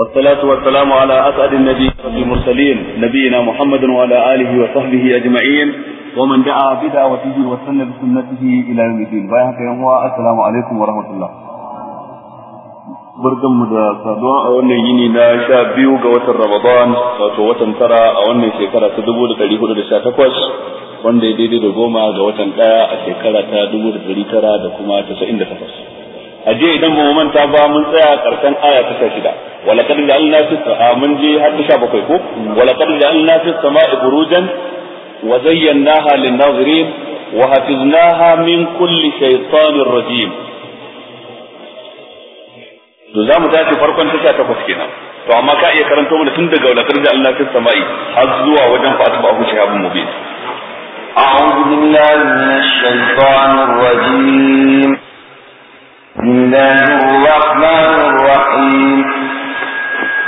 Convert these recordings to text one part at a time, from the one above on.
والصلاة والسلام على أسعد النبي المرسلين نبينا محمد وعلى آله وصحبه أجمعين ومن دعا بدعوته وسن بسنته إلى يوم الدين بايعك هو السلام عليكم ورحمة الله barkan mu da saduwa a wannan yini na sha biyu ga watan Ramadan wato watan tara a wannan shekara ta dubu da hudu da sha takwas wanda ya daidai da goma ga watan ɗaya a shekara ta dubu da ɗari tara da kuma tasa'in da takwas. A jiya idan ba mu manta ba mun tsaya ƙarshen aya ta shida. ولقد جعلنا في من جي حد شابكي كو ولقد جعلنا في السماء بروجا وزيناها للناظرين وحفظناها من كل شيطان رجيم to za mu tashi farkon tasha takwas kenan to amma ka iya karanto mana tun daga wala da Allah ta sama'i har zuwa wajen fa atba hu shahabun mubin a'udhu billahi minash shaitanir rajim bismillahir rahmanir rahim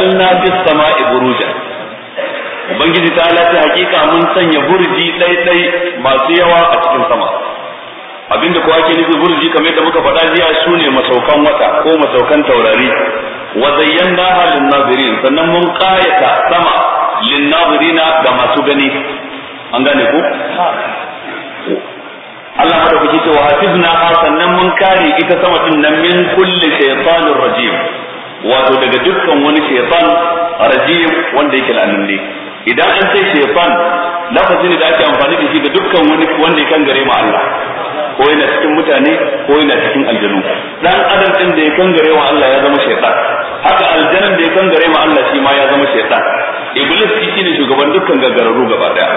ja'alna fis sama'i buruja ubangiji ta lati hakika mun sanya burji dai masu yawa a cikin sama abinda ko ake nufi burji kamar yadda muka faɗa jiya sune ne masaukan wata ko masaukan taurari wa zayyana halin nazirin sannan mun kayata sama lin nazirina ga masu gani an gane ku Allah madaukaki ce wa hasibna sannan mun kare ita sama din nan min kulli shaytanir rajim wato daga dukkan wani shaytan rajim wanda yake la'ananne idan an sai shaytan lafazi ne da ake amfani da shi ga dukkan wani wanda ya kan gare ma Allah ko yana cikin mutane ko yana cikin aljanu dan adam din da ya kan gare ma Allah ya zama shaytan haka aljanan da ya kan gare ma Allah shi ma ya zama shaytan iblis shi ne shugaban dukkan gaggararru gaba daya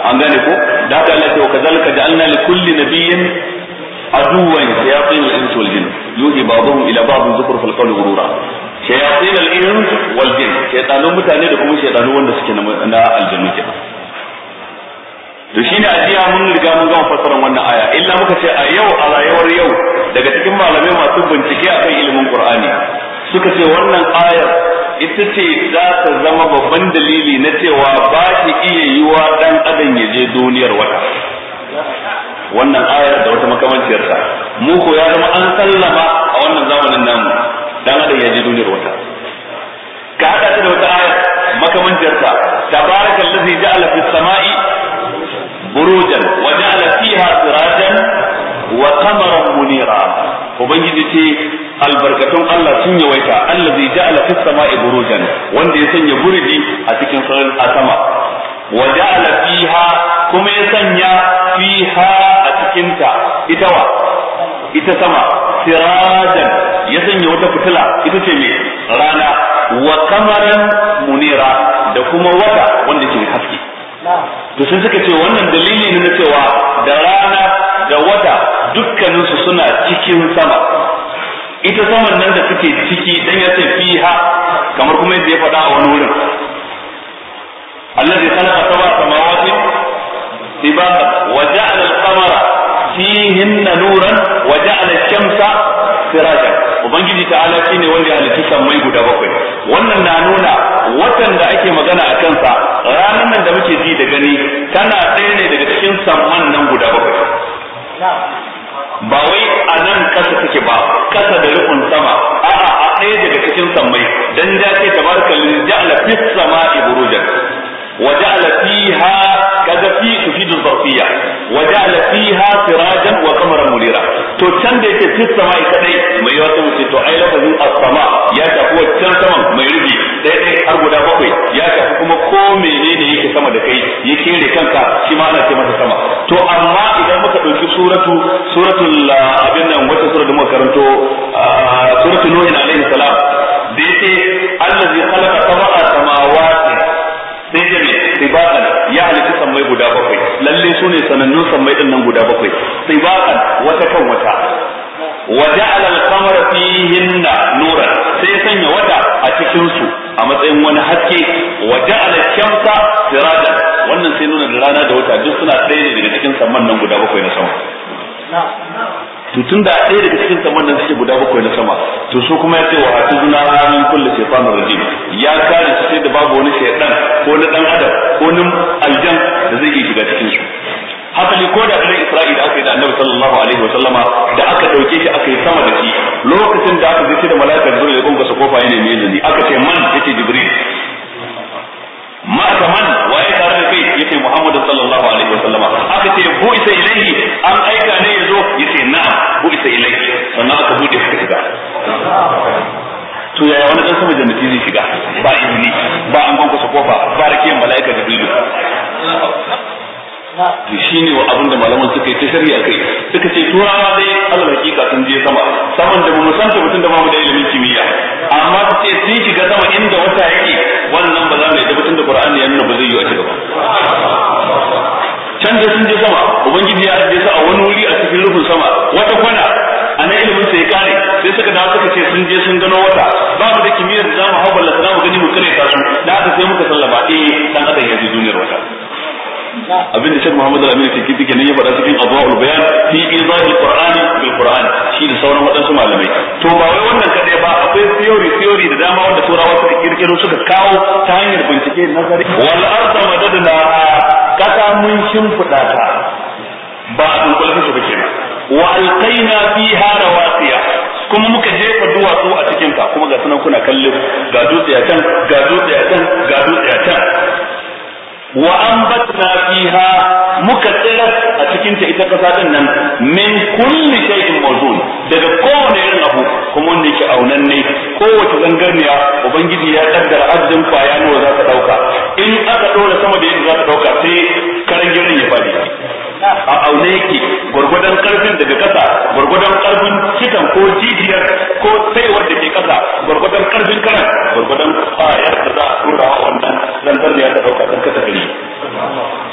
an gane ko da haka Allah ya ce wa kazalika ja'alna li kulli nabiyyin aduwan shayatin al-ins wal jin yuhi ba'dhum ila ba'd zukhruf al-qawl ghurura shayatin al-ins wal jin mutane da kuma shaytanun wanda suke na aljannu to shine ajiya mun riga mun gama fassarar wannan aya illa muka ce a yau a rayuwar yau daga cikin malamai masu bincike akan ilimin qur'ani suka ce wannan ayar ita ce za ta zama babban dalili na cewa ba ki iya yiwa dan adam ya je duniyar wata wannan ayar da wata makamanciyarsa mu ko ya zama an sallama a wannan zamanin namu dan adam ya ji duniyar wata ka hada da wata ayar makamanciyarsa tabarakal ladzi ja'ala fis samai burujan wa ja'ala fiha sirajan wa qamaran munira ubangiji ce albarkatun Allah sun yawaita allazi ja'ala fis sama'i burujan wanda ya sanya burji a cikin sararin sama wa ja'ala fiha kuma ya sanya fiha a cikinta ita wa ita sama sirajan ya sanya wata fitila ita ce mai rana wa kamaran munira da kuma wata wanda ke haske to sai suka ce wannan dalili ne na cewa da rana da wata dukkaninsu suna cikin sama ita saman nan da suke ciki dan ya ce fiha kamar kuma yadda ya faɗa a wani wurin Allah zai sanar a sama samawatin سباقا وجعل القمر فيهن نورا وجعل الشمس سراجا ubangiji ta'ala shine wanda ya halitta sammai guda bakwai wannan na nuna watan da ake magana a kansa ranar nan da muke ji da gani tana ɗaya ne daga cikin samman nan guda bakwai ba wai a nan kasa take ba kasa da rufin sama a'a a ɗaya daga cikin sammai dan ja ce tabarkalin ja'ala fis sama'i burujan وجعل فيها كذا في تفيد الظرفية وجعل فيها سراجا وقمرا منيرا to can da yake cikin sama kadai mai yawa ta wuce to ai lafazin as-sama ya tafi wancan saman mai rubi sai dai har guda bakwai ya tafi kuma ko menene yake sama da kai ya kere kanka shi ana ce masa sama to amma idan muka dauki suratu suratul abin nan wata sura da muka karanto suratul nuh alaihi salam da yake allazi khalaqa sab'a guda bakwai lalle su ne sanannun samai din nan guda bakwai kan wata kan wata wa ja'ala al-qamara fihinna nura sai ya sanya wata a cikin su a matsayin wani haske waje ja'ala shamsa sirajan wannan sai nuna da rana da wata duk suna tsaye ne daga cikin samman nan guda bakwai na sama to tun da ɗaya daga cikin saman nan suke guda bakwai na sama to su kuma ya ce wa hatu zuna ce fama da rajim ya kare su sai da babu wani shaytan ko na dan adam ko na aljan da zai iya shiga cikin su haka ko da ɗan Isra'ila aka yi da Annabi sallallahu alaihi wa sallama da aka ɗauke shi aka yi sama da shi lokacin da aka zai ce da mala'ikar zuwa ya kunga su kofa yana mai zani aka ce man ce Jibril ma man waye tare da kai yace Muhammadu sallallahu alaihi wasallam aka ce bu isa ilaihi an aika ne yazo yace na bu isa ilaihi sannan aka bude suka shiga to ya wani dan sama jannati zai shiga ba izini ba an gonka su kofa ba rakiyan mala'ika da bidu shi ne wa abin da malaman suka yi ta shari'a kai suka ce turawa dai Allah hakika sun je sama saman da mu san ta mutum da bamu da ilimin kimiyya amma su ce sun shiga sama inda wata yake wannan ba qur'ani ya ba zai yi a ci gaba can da sun je sama ubangiji ya ajiye sa a wani wuri a cikin rufin sama wata kwana a nan ilimin sai kare sai suka dawo suka ce sun je sun gano wata ba mu da kimiyyar da za mu hau mu gani mu kare ta su da aka sai muka sallama eh dan adam ya duniyar wata abin da Sheikh Muhammad Al-Amin ke kike ne ya faɗa cikin Adwaul Bayan fi izahi Qur'ani bil Qur'an shi da sauran waɗansu malamai to ba wai wannan kaɗai ba akwai theory theory da dama wanda turawa suka kirkiro suka kawo ta hanyar bincike nazari wal arda madadna kasa mun shimfiɗata. ta ba a dunkulta shi ba kenan wa alqaina fiha rawasiya kuma muka jefa duwatsu a cikin ka. kuma ga sunan kuna kallon ga dutse a can ga dutse a can ga dutse a can wa ambatna fiha muka a cikin ta ita kasa din nan min kulli shay'in mawzun daga kowane irin abu kuma wanda yake aunan ne kowace zangarniya ubangiji ya kaddara arzikin kwaya nawa za ta dauka in aka dora sama da yadda za ta dauka sai karan girin ya fadi a aune yake gwargwadon karfin daga kasa gwargwadon karfin kitan ko jijiyar ko saiwar da ke kasa gwargwadon karfin karan gwargwadon kwayar da za a turawa dan zantar da ya ta dauka dan kasa gari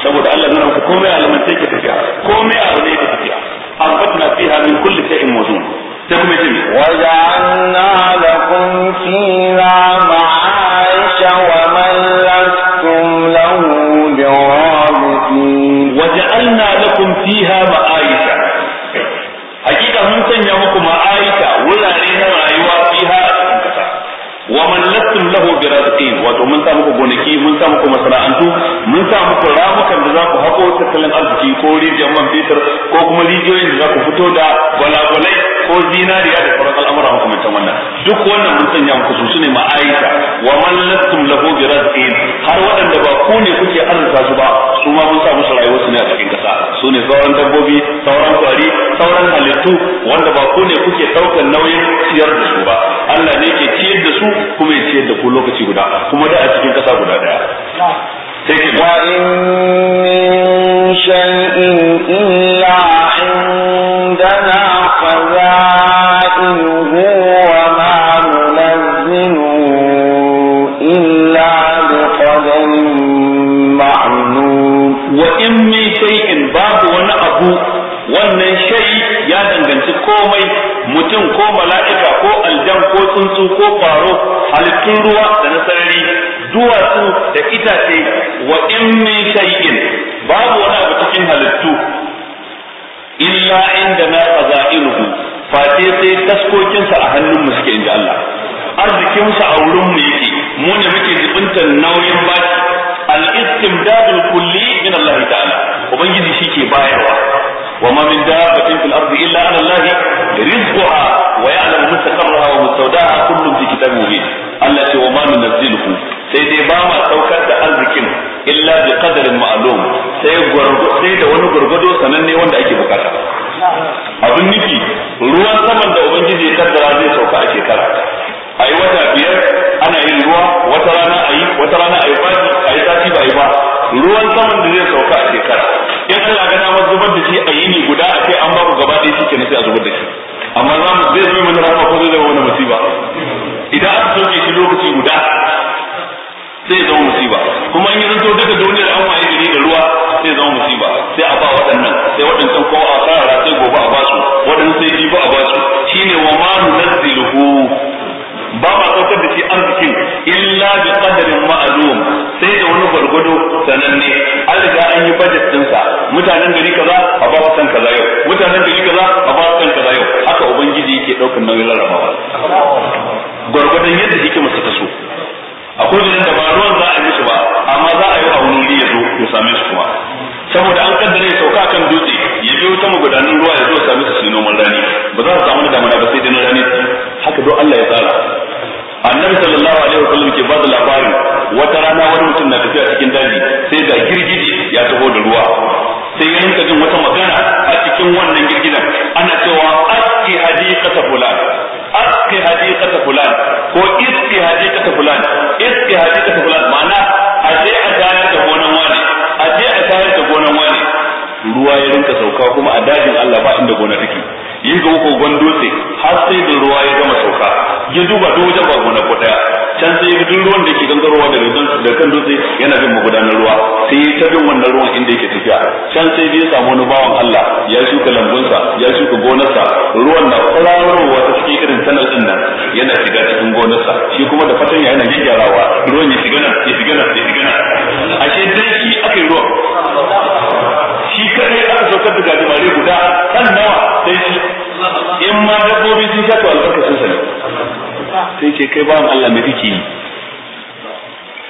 saboda Allah nuna ku komai a sai ke tafiya komai a ne ke tafiya ambatna fiha min kulli shay'in mawzun sai kuma ji wa ja'alna lakum fiha ma'aisha wa man lastum lahu bi'abidin wa ja'alna lakum fiha ma'aisha hakika mun sanya muku ma'aisha wurare na rayuwa fiha a cikin kasa wa man lastum lahu bi'abidin masakin wato mun sa muku gonaki mun sa muku masana'antu mun sa muku ramukan da za ku haƙo tattalin arziki ko rijiyar man fetur ko kuma rijiyoyin da za ku fito da gwalagwalai ko zinariya da sauran al'amura hukumantar wannan duk wannan mun sanya muku su ne ma'aika wa man lastum lahu bi razqin har waɗanda ba ku ne kuke arzuta su ba su ma mun sa musu rayuwar su ne a cikin kasa su ne sauran dabbobi sauran kwari sauran halittu wanda ba ku ne kuke ɗaukar nauyin ciyar da su ba Allah ne ke ciyar da su kuma ya ciyar da ku lokaci guda kuma da a cikin kasa guda daya sai ki wa in min shay'in illa indana qada'ihi wa ma nunzinu illa bi qadarin ma'lum wa in min shay'in babu wani abu wannan shai ya danganci komai mutum ko mala'ika ko aljan ko tsuntsu ko faro halittun ruwa da na sarari duwatsu da itace wa in min shay'in babu wani abu cikin halittu illa inda na qada'inuhu fate sai taskokinsa a hannun mu suke inda Allah arzikinsa a wurin mu yake mu ne muke jibintar nauyin baki al-istimdadul kulli min Allah ta'ala ubangiji shi ke bayarwa وما من دابة في الأرض إلا على الله رزقها ويعلم مستقرها ومستودعها كل في كتاب مبين التي وما ننزله sai dai ba ma saukar da arzikin illa bi qadarin ma'lum sai gurgu sai da wani gurgudo sananne wanda ake bukata abin nufi ruwan saman da ubangiji ya kaddara zai sauka a shekara a yi wata biyar ana yin ruwa wata rana a yi wata rana a yi a yi ba yi ba ruwan saman da zai sauka a shekara in Allah ga dama zubar da shi a yini guda a ce an ba ku gaba ɗaya shi sai a zubar da shi amma za mu zai zama mana rahama ko zai zama mana musiba idan an soke shi lokaci guda sai zama musiba kuma in yi zanto daga duniyar an waye gari da ruwa sai zama musiba sai a ba waɗannan sai waɗancan kowa a tsara sai gobe a basu waɗansu sai ji ba a basu shine wa ma nunazziluhu ba ma saukar da shi arzikin illa bi qadarin ma'lum sai da wani gwargwado sananne an riga an yi budget din sa mutanen gari kaza a ba san kaza yau mutanen gari kaza a ba san kaza yau haka ubangiji yake daukar nauyin rarrabawa gwargwadon yadda yake masa taso akwai da ba ruwan za a yi su ba amma za a yi a wani wuri ya zo ya same su kuma saboda an kaddara ya sauka kan dutse ya biyo ta magudanin ruwa ya zo same su su noman rani ba za su samu da damana ba sai dai rani haka don Allah ya tsara annabi sallallahu alaihi wasallam ke ba da labari wata rana wani mutum na tafiya cikin daji sai ga girgiji ya taho da ruwa sai ya rinka jin wata magana a cikin wannan girgidan ana cewa aski hadiqata fulan aski hadiqata fulan ko iski hadiqata fulan iski hadiqata fulan ma'ana a je a tayar da gonan wani a je a tayar da gonan wani ruwa ya rinka sauka kuma a dajin Allah ba inda gona take yi ga kogon dutse har sai da ruwa ya gama sauka ya duba duk wajen ba gona ko daya can sai ya duk ruwan da ke ruwa daga da kan dutse yana bin magudanar ruwa sai ya ta bin wannan ruwan inda yake tafiya can sai ya samu wani bawan Allah ya shuka lambunsa ya shuka gonarsa ruwan na kwararowa ta cikin irin sanar din nan yana shiga cikin gonarsa shi kuma da fatanya yana gyarawa ruwan ya shiga nan ya shiga nan ya shiga nan ashe dai shi aka yi ruwan shi kadai aka saukar da gajimare guda kan nawa sai shi in ma dabbobi sun sha to albarkacin sa ne sai ce kai ba Allah mai kake yi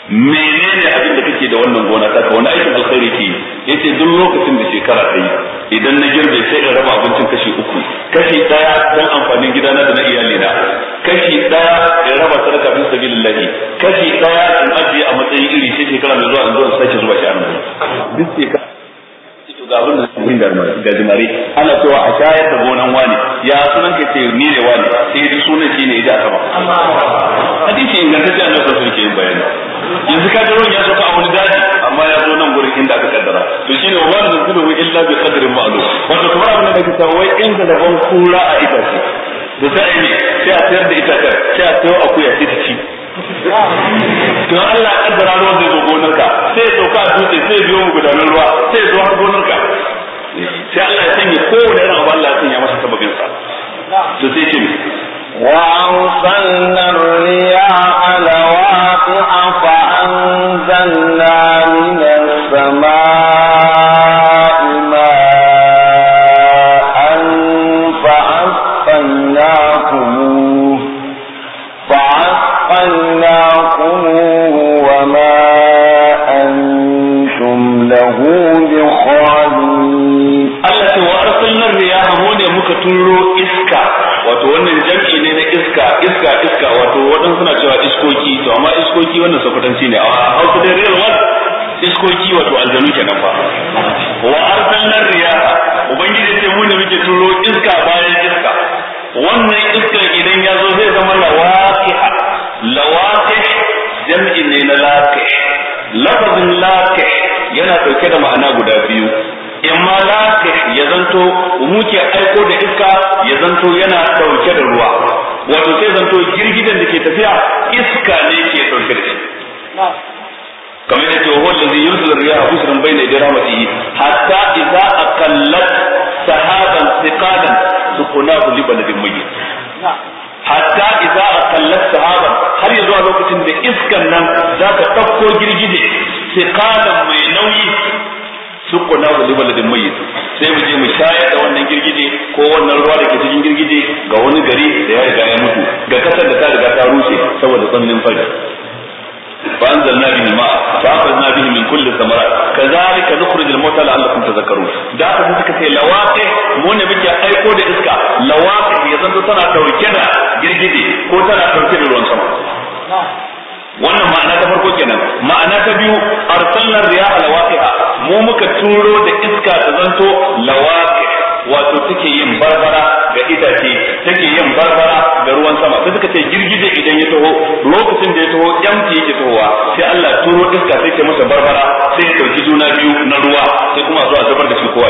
menene abin da kake da wannan gona ta ka wani aikin alkhairi ke yace duk lokacin da shekara ta yi idan na girbe sai in raba abincin kashi uku kashi daya dan amfanin gidana da na iyalina kashi daya in raba sadaka bin sabilillah kashi daya in ajiye a matsayin iri sai shekara mai zuwa in zo in sake zuwa shi a nan duk shekara to ga abin da sun da jimare ana cewa a shayar da gonan wani ya sunan ka ce ni ne wani sai da sunan shi ne ya ba hadisi ingantacce an yau sun ke yin bayani yanzu ka ga ya zo ka wani daji amma ya zo nan gurin inda aka kaddara to shine wa wani zulu illa bi qadrin ma'lum wato kuma abin da kake cewa wai inda da ban kura a itace da sai ne sai a tayar da itace sai a tayo akuya sai ta ci don Allah kaddara ruwan zai zo gonarka sai ya sauka a dutse sai ya biyo mu gudanar ruwa sai ya zo har gonarka sai Allah ya sanya kowane irin abu Allah ya sanya masa sababin sa to sai ce وأرسلنا الرياح لواقع فأنزلنا من السماء suka turo iska wato wannan jam'i ne na iska iska iska wato waɗansu suna cewa iskoki to amma iskoki wannan sakutanci ne a hausa dai real world iskoki wato aljanu nan fa wa arsalna riyaha ubangiji ce mu ne muke turo iska bayan iska wannan iska idan ya zo zai zama lawaqiha lawaqih jam'i ne na laqih lafazin laqih yana dauke da ma'ana guda biyu in ma ya zanto muke aiko da iska ya zanto yana dauke da ruwa wato sai zanto girgidan da ke tafiya iska ne ke dauke da shi kamar yadda riya a yursilu bai na jira yaday yi. hatta idza aqallat sahaban thiqalan sukunahu li na mayyit hatta idza aqallat sahaban har yanzu a lokacin da iskan nan zaka dauko girgije thiqalan mai nauyi suquna li baladin mai sai mu je mu shayar da wannan girgije ko wannan ruwa da ke cikin girgije ga wani gari da ya riga ya mutu ga kasar da ta riga ta rushe saboda tsannin fari ma. fa الماء bihi min kulli كل الثمرات nukhrij al-mauta la'allakum tadhakkarun da aka sai suka lawaqi mu ne muke aiko da iska lawaqi ya zanto tana dauke da girgije ko tana dauke da ruwan sama wannan ma'ana ta farko kenan ma'ana ta biyu arsalna riyaha lawaqiha mu muka turo da iska ta zanto lawaqi wato take yin barbara ga itace take yin barbara ga ruwan sama sai suka ce girgije idan ya taho lokacin da ya taho yamci yake tohowa sai Allah turo iska sai ke masa barbara sai ya dauki juna biyu na ruwa sai kuma zuwa zubar da shi kowa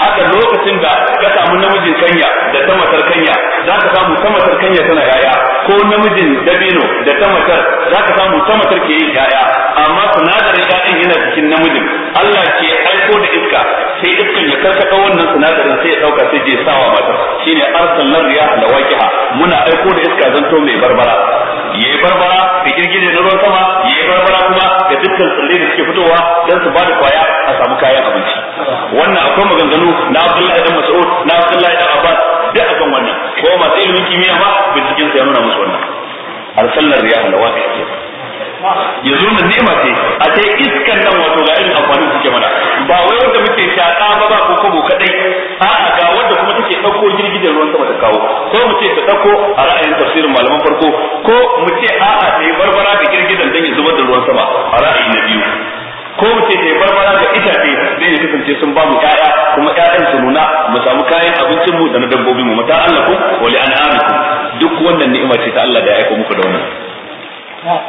haka lokacin da ka samu namijin kanya da ta matar kanya za ka samu ta matar kanya tana yaya ko namijin dabino da ta matar za ka samu ta matar ke yin yaya amma sinadarin ya'yan yana cikin namijin Allah ke aiko da iska sai iskan ya karkata wannan sinadarin sai ya dauka sai je sawa matar shine arsalan riyah lawaqiha muna aiko da iska zanto mai barbara yayi barbara da na ruwan sama yayi barbara kuma dukkan tsalle da suke fitowa don su bada kwaya a samu kayan abinci wannan akwai maganganu na Abdullahi dan Mas'ud na Abdullahi dan Abbas da akan wannan ko masu ilimin kimiyya ba binciken su ya nuna musu wannan arsalar riyah lawafi ya zo nan nema ce a ce iskan nan wato ga irin amfanin suke mana ba wai wanda muke shaƙa ba ba ko kobo kaɗai a'a ga wanda kuma take ɗauko girgijin ruwan sama ta kawo ko mu ce ta dauko a ra'ayin tafsirin malaman farko ko mu ce a'a ta yi barbara da girgizan don ya zubar da ruwan sama a ra'ayi na biyu ko mu ce ta yi barbara da itace don ya kasance sun ba mu ƴaƴa kuma ƴaƴan su nuna mu samu kayan abincin mu da na dabbobi mu mata Allah ku wa li an'amikum duk wannan ni'ima ce ta Allah da ya aika muku da wannan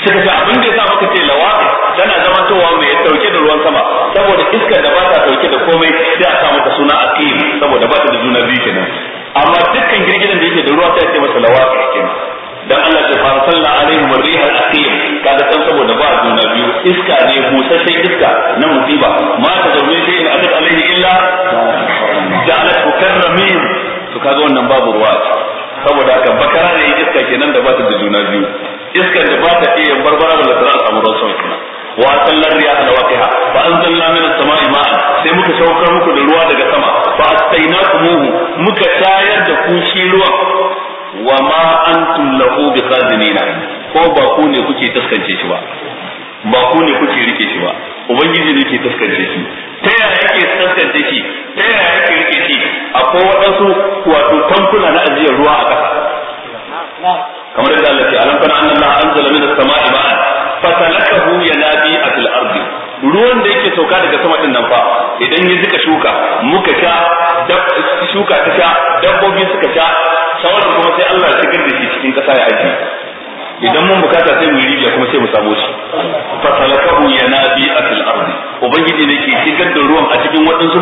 suka ce abin da yasa muka ce lawa tana zamantowa mai dauke da ruwan sama saboda iskar da ba ta dauke da komai sai a sa mata suna aqim saboda ba ta da juna biyu kenan amma dukkan girgidan da yake da ruwa sai ce masa lawafi kenan dan Allah ya fara salla alaihim rihal aqim kaga san saboda ba juna biyu iska ne busasshen iska na musiba ma ta zaune sai in aka alaihi illa ja'alat mukarramin to kaga wannan babu ruwa saboda haka bakara ne iska kenan da ba ta da juna biyu Iska da ba ta iya barbara da lasarar al'amuran sauki wa sallar riya da waqiha fa anzalna min as-sama'i ma'an sai muka saukar muku da ruwa daga sama fa astainakumuhu muka tayar da ku shi ruwan wa ma antum lahu ko ba ku ne kuke taskance shi ba ba ku ne kuke rike shi ba ubangiji ne ke taskance shi ta yaya yake tantance shi ta yaya yake rike shi akwai waɗansu wato tankuna na ajiyar ruwa a ƙasa kamar yadda Allah ke alam kana anna Allah anzala min as-sama'i ma'an fatalakahu nabi fil ardi ruwan da yake sauka daga sama din nan fa idan ya zika shuka muka sha shuka ta sha dabbobi suka sha sauran kuma sai Allah ya shigar da shi cikin ƙasa ya ajiye idan mun bukata sai mu yi rijiya kuma sai mu samu shi fatalakahu nabi ubangiji ne ke shigar da ruwan a cikin waɗansu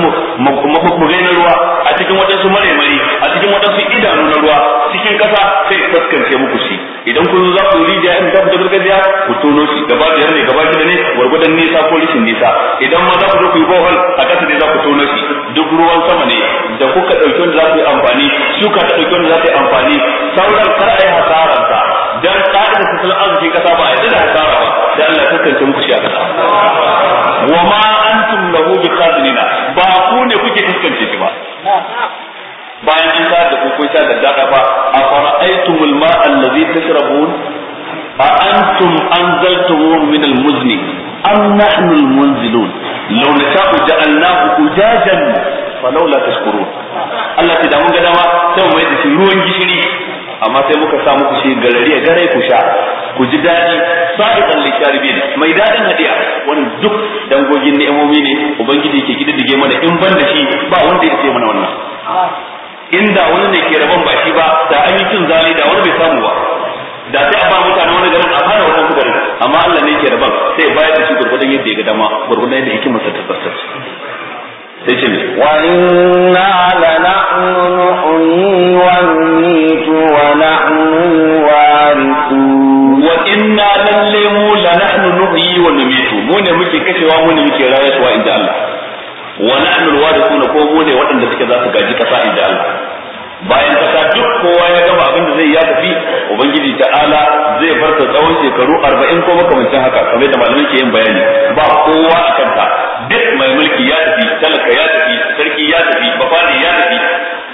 mafukurai na ruwa a cikin waɗansu maraimari a cikin waɗansu idanu na ruwa cikin ƙasa sai taskance muku shi idan kun za ku rijiya in ta fita gargajiya ku tono shi gaba da ne gaba da ne gwargwadon nisa ko rishin nisa idan ma za ku zo ku yi bohol a ƙasa ne za ku tono shi duk ruwan sama ne da kuka ɗauki wanda za ku yi amfani shuka ta ɗauki wanda za ta yi amfani sauran kar a yi hasararsa dan ƙa'idar tattalin arzikin ƙasa ba a yi da hasara ba da Allah ta kanta muku shi a kasa wa ma antum lahu biqadina ba ku ne kuke kaskance shi ba bayan an sa da ku kun sa da dada ba a fara aitumul ma allazi tashrabun a antum anzaltumuhu min almuzni am nahnu almunzilun law nasha'u ja'alnahu ujajan falawla tashkurun Allah ta da mun ga dama sai mu mai ruwan gishiri amma sai muka sa muku shi garari gare ku sha ku ji daɗi sa'iqan lisharibin mai daɗin hadiya wannan duk dangogin ni'imomi ne ubangiji ke giddige mana in ban da shi ba wanda ya ce mana wannan inda wani ne ke rabon ba shi ba da an yi cin zali da wani bai samu ba da sai a ba mutane wani garin a fara wannan garin amma Allah ne ke rabon sai bayar da shi gurgurdan yadda ya ga dama gurgurdan yadda yake masa tabbatar sai ce wa inna lana'nu ونحن الوارثون وإنا للمو لنحن نحيي ونميت مون مكي كشوا مون مكي راية وإن الله ونحن الوارثون كو مون وإن ذلك ذات قاجي كفا إن الله bayan kasa duk kowa ya gama abin da zai ya tafi ubangiji ta'ala zai bar ta tsawon shekaru 40 ko makamancin haka kamar da malamin ke yin bayani ba kowa a kanta duk mai mulki ya tafi talaka ya tafi sarki ya tafi bafani ya tafi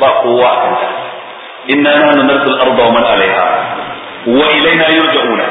ba kowa a kanta inna nahnu narsul arda wa man alaiha wa ilaina yurja'una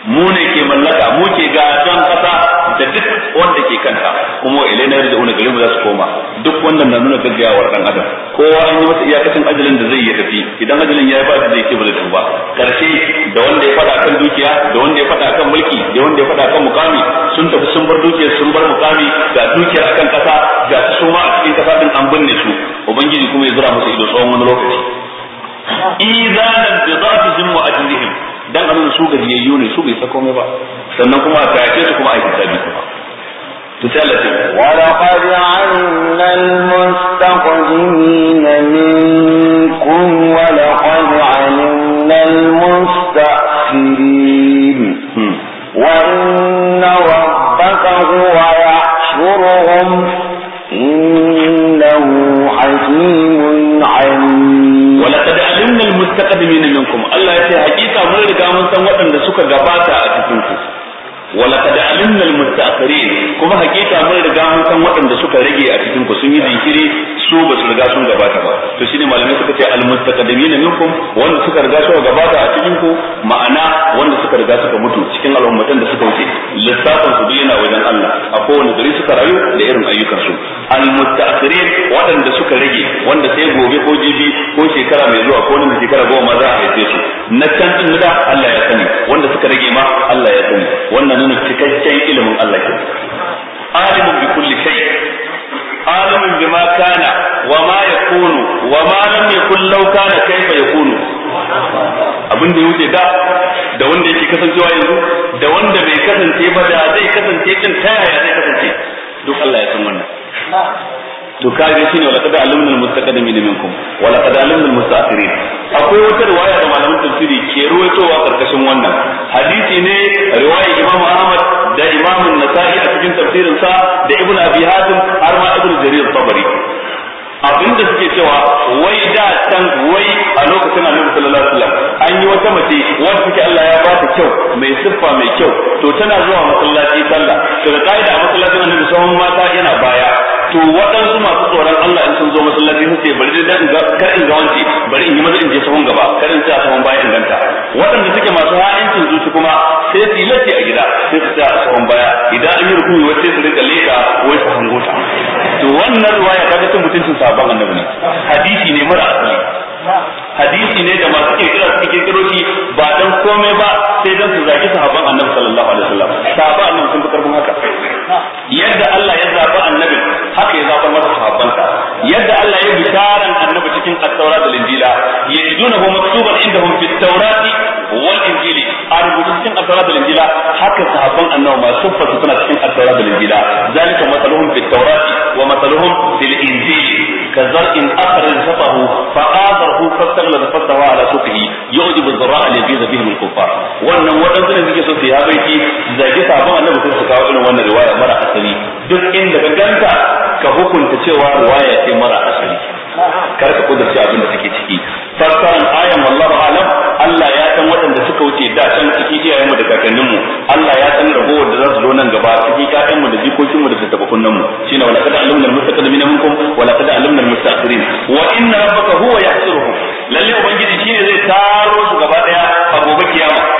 mu ne ke mallaka mu ke gadon kasa da duk wanda ke kanta kuma ilaina yurja'una gare mu za su koma duk wanda na nuna gaggawar dan adam kowa an yi masa iyakacin ajalin da zai yi tafi idan ajalin ya ba ba da ke ba da ba karshe da wanda ya fada kan dukiya da wanda ya fada kan mulki da wanda ya fada kan mukami sun tafi sun bar dukiya sun bar mukami ga dukiya akan kasa ga su ma a cikin kasa din an binne su ubangiji kuma ya zura musu ido tsawon wani lokaci izanan bi dhafihim wa ajrihim dan abin su gajiyayyu ne su bai sako komai ba sannan kuma a tayace su kuma a hisabi kuma to sai Allah ya wa laqad alimna almustaqdimin minkum wa laqad alimna almustaqirin wa inna rabbaka huwa yahshuruhum innahu hakim mustaqdimin minkum Allah ya ce hakika mun riga mun san waɗanda suka gabata a cikin ku ولقد علمنا المستأخرين kuma hakika mun riga mun san waɗanda suka rage a cikin ku sun yi jinkiri su ba su riga sun gabata ba to shine malamai suka ce almustaqdimina minkum wanda suka riga suka gabata a cikin ku ma'ana wanda suka riga suka mutu cikin al'ummatan da suka wuce lissafin su yana wajen Allah a kowane gari suka rayu da irin ayyukan su almusta'akhirin waɗanda suka rage wanda sai gobe ko jibi ko shekara mai zuwa ko nan shekara goma ma za a haife su na can din da Allah ya sani wanda suka rage ma Allah ya sani wannan nuna cikakken ilimin Allah ke alimun bi kulli shay alimun bima kana wa ma yakunu wa ma lam yakun law kana kayfa yakunu abin da ya wuce da da wanda yake kasancewa yanzu da wanda bai kasance ba da zai kasance din ta yaya zai kasance duk Allah ya san wannan to shine wala kada alimul mustaqdimin minkum wala kada alimul mustaqirin akwai wata riwaya da Malamin tafsiri ke ruwaitowa karkashin wannan hadisi ne riwaya Imam ahmad da imamu nasa'i a cikin tafsirin sa da Ibn abi hatim har ma ibnu jarir tabari abinda suke cewa wai da can wai a lokacin annabi sallallahu alaihi wasallam an yi wata mace wanda take Allah ya ba ta kyau mai siffa mai kyau to tana zuwa masallaci sallah to da kaida a masallacin annabi wasallam mata yana baya to waɗansu masu tsoron Allah in sun zo masallaci sun ce bari da kar in ga wanci bari in yi maza in je sahun gaba kar in a sahun baya in ganta waɗanda suke masu ha'incin zuci kuma sai su yi lafiya a gida sai su a sahun baya idan an yi rukuni wai sai su rika leka wai su hango ta to wannan ya kaga cin mutuncin sabon annabi ne hadisi ne mara asali hadisi ne da masu kirkira suke kirkiro shi ba dan komai ba sai dan su zaki sahabban annabi sallallahu alaihi wasallam sahabban annabi sun fi karfin haka yadda Allah ya zaba annabi haka ya zaɓar masa sahabbansa yadda Allah ya bisharan annabi cikin at-taura da injila yajidunahu maktuban indahum fit tawrati wal injili a rubutu cikin at-taura da injila haka sahabban annabi ma suffa su suna cikin at-taura da injila zalika masaluhum fit tawrati wa mataluhum fil injili kazal in akhra safahu fa fassar fastaghla fastawa ala suqihi yu'jibu dhara'a li yabiza bihi al-kuffar wannan wadansu ne suke so su ya baiti zage sabon annabi sai su kawo irin wannan riwaya mara asali duk inda ka ganta ka hukunta cewa riwaya ce mara asali kar ka kudurci abin da take ciki fassaran ayan wallahu alam Allah ya san waɗanda suka wuce da can iyayen mu da kakanninmu Allah ya san ragowar da za su zo nan gaba cikin mu da jikokinmu da tattabakunnan mu shine wala kada alimna almustaqdimina minkum wala kada alimna almustaqirin wa inna rabbaka huwa yahsuruhum lalle ubangiji shine zai taro su gaba daya a gobe kiyama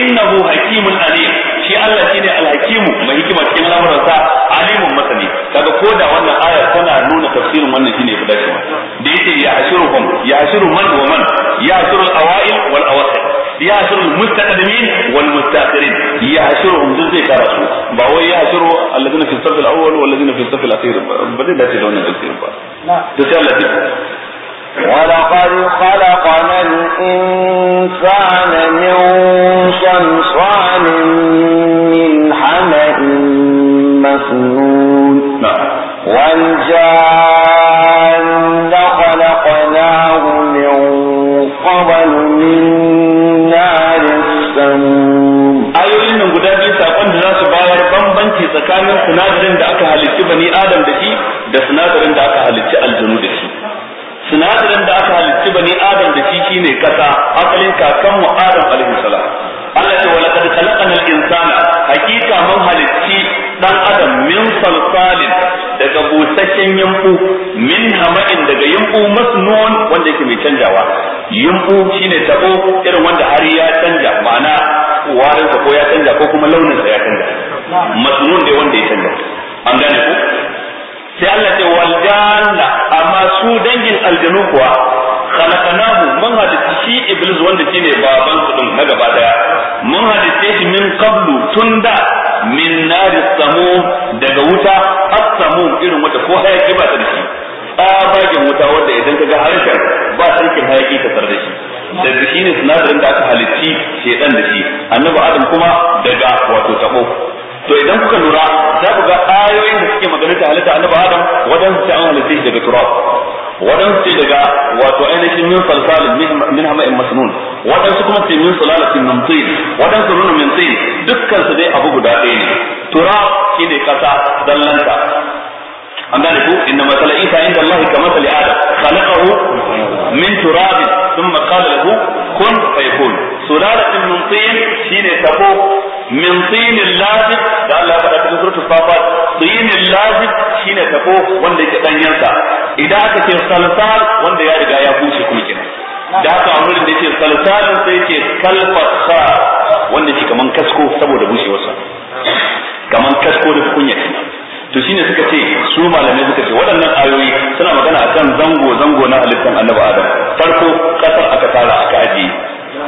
innahu hakimun alim shi Allah shine alhakimu mai hikima cikin al'amuran sa alimun masani kaga koda wannan aya tana nuna tafsirin wannan shine ya dace da yake ya kum ya ashiru man wa man ya ashiru al-awail wal awaqi ya ashiru al-mustaqdimin wal mustaqirin ya ashiruhum duk zai kara su ba wai ya ashiru alladhina fi safil awwal wal ladhina fi safil akhir ba dai da ce wannan tafsirin ba na to sai Allah ولقد خلقنا الإنسان من صلصال من حمأ مسنون والجان خلقناه من قبل من نار السموم أيوة إن قدام يساقون الناس باير بمبنتي سكانين سنادرين دعك أكا هالكي آدم دكي دا سنادرين دا الجنود دكي sinadarin da aka halicci bani adam da shi shine kasa asalin kakan mu adam alaihi salam Allah ya wala kad khalaqana al-insana hakika mun halicci dan adam min salsalin daga busasshen yambu min hama'in daga yambu masnun wanda yake mai canjawa yambu shine tabo irin wanda har ya canja ma'ana warin ko ya canja ko kuma launin sa ya canja masnun dai wanda ya canja an gane ku sai Allah ce wal janna amma su dangin aljanu kuwa khalaqnahu mun halitta shi iblis wanda shine baban su din na gaba daya mun halitta shi min qablu tunda min nari samu daga wuta as-samu irin wata ko hayaki ba da shi tsabagen wuta wanda idan ka ga harshen ba sarkin hayaki ta tsar da shi daga shi ne sinadarin da aka halitti shedan da shi annabi adam kuma daga wato tabo to idan kuka lura za ku ga ayoyin da suke magana ta halitta annabi adam wadan su an halitta shi daga turab wadan su daga wato ainihin min salsal min hama'in masnun wadan su kuma min sulalatin min su nuna min dukkan su dai abu guda ɗaya ne turab shine kasa dallanta an gane ku inna masala isa inda Allah ka masali adam khalaqahu min turab thumma qala lahu kun fayakun sulalatin min tin shine tabo min tin lazib da Allah ya faɗa cikin suratul fafat tin lazib shine tabo wanda yake danyansa idan aka ce salsal wanda ya riga ya bushe kuma kenan da haka a wurin da yake salsalin sai yake kalfasa wanda ke kaman kasko saboda bushewarsa kaman kasko da kunya kenan to shine suka ce su malamai suka ce waɗannan ayoyi suna magana akan zango zango na alifin annabi adam farko kasar aka tara aka aje